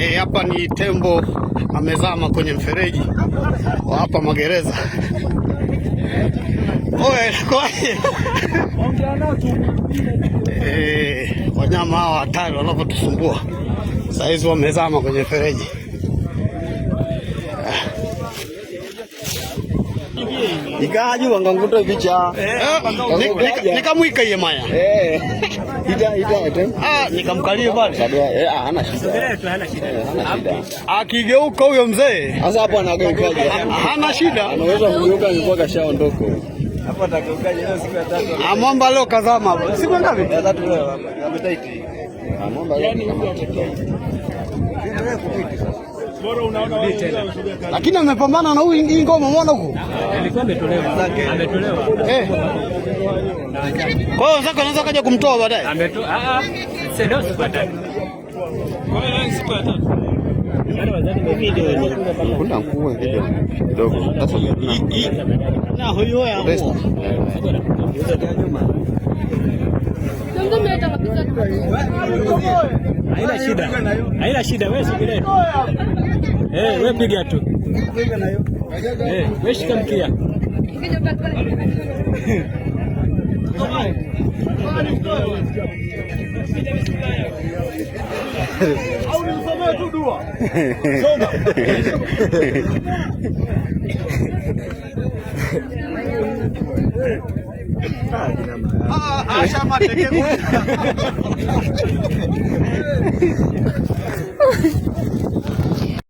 E, hapa e, ni tembo amezama kwenye mfereji wa hapa magereza. E, wanyama hawa hatari wanavyotusumbua saizi, wamezama kwenye mfereji. Ikaji wanganguta picha. Eh, maya. Eh. Ah, pale. Eh, eh, eh, Akigeuka huyo mzee. Sasa hapo anageukaje? Hana shida. Anaweza kugeuka nilikuwa kashaondoka. Hapo leo kazama Siku ngapi? Ya tatu leo hapa. Ametaiti. Amwamba leo. Yaani huyo lakini amepambana na huyu hii ngoma, umeona huko alikuwa ametolewa, ametolewa. Eh. Kwa hiyo wenzako anaweza kaja kumtoa baadaye, ametoa kuna mkuu kidogo sasa Haina shida, haina shida, wewe subiri. Eh, wewe piga tu. Eh, wewe shika mkia. Ah, acha a matéria.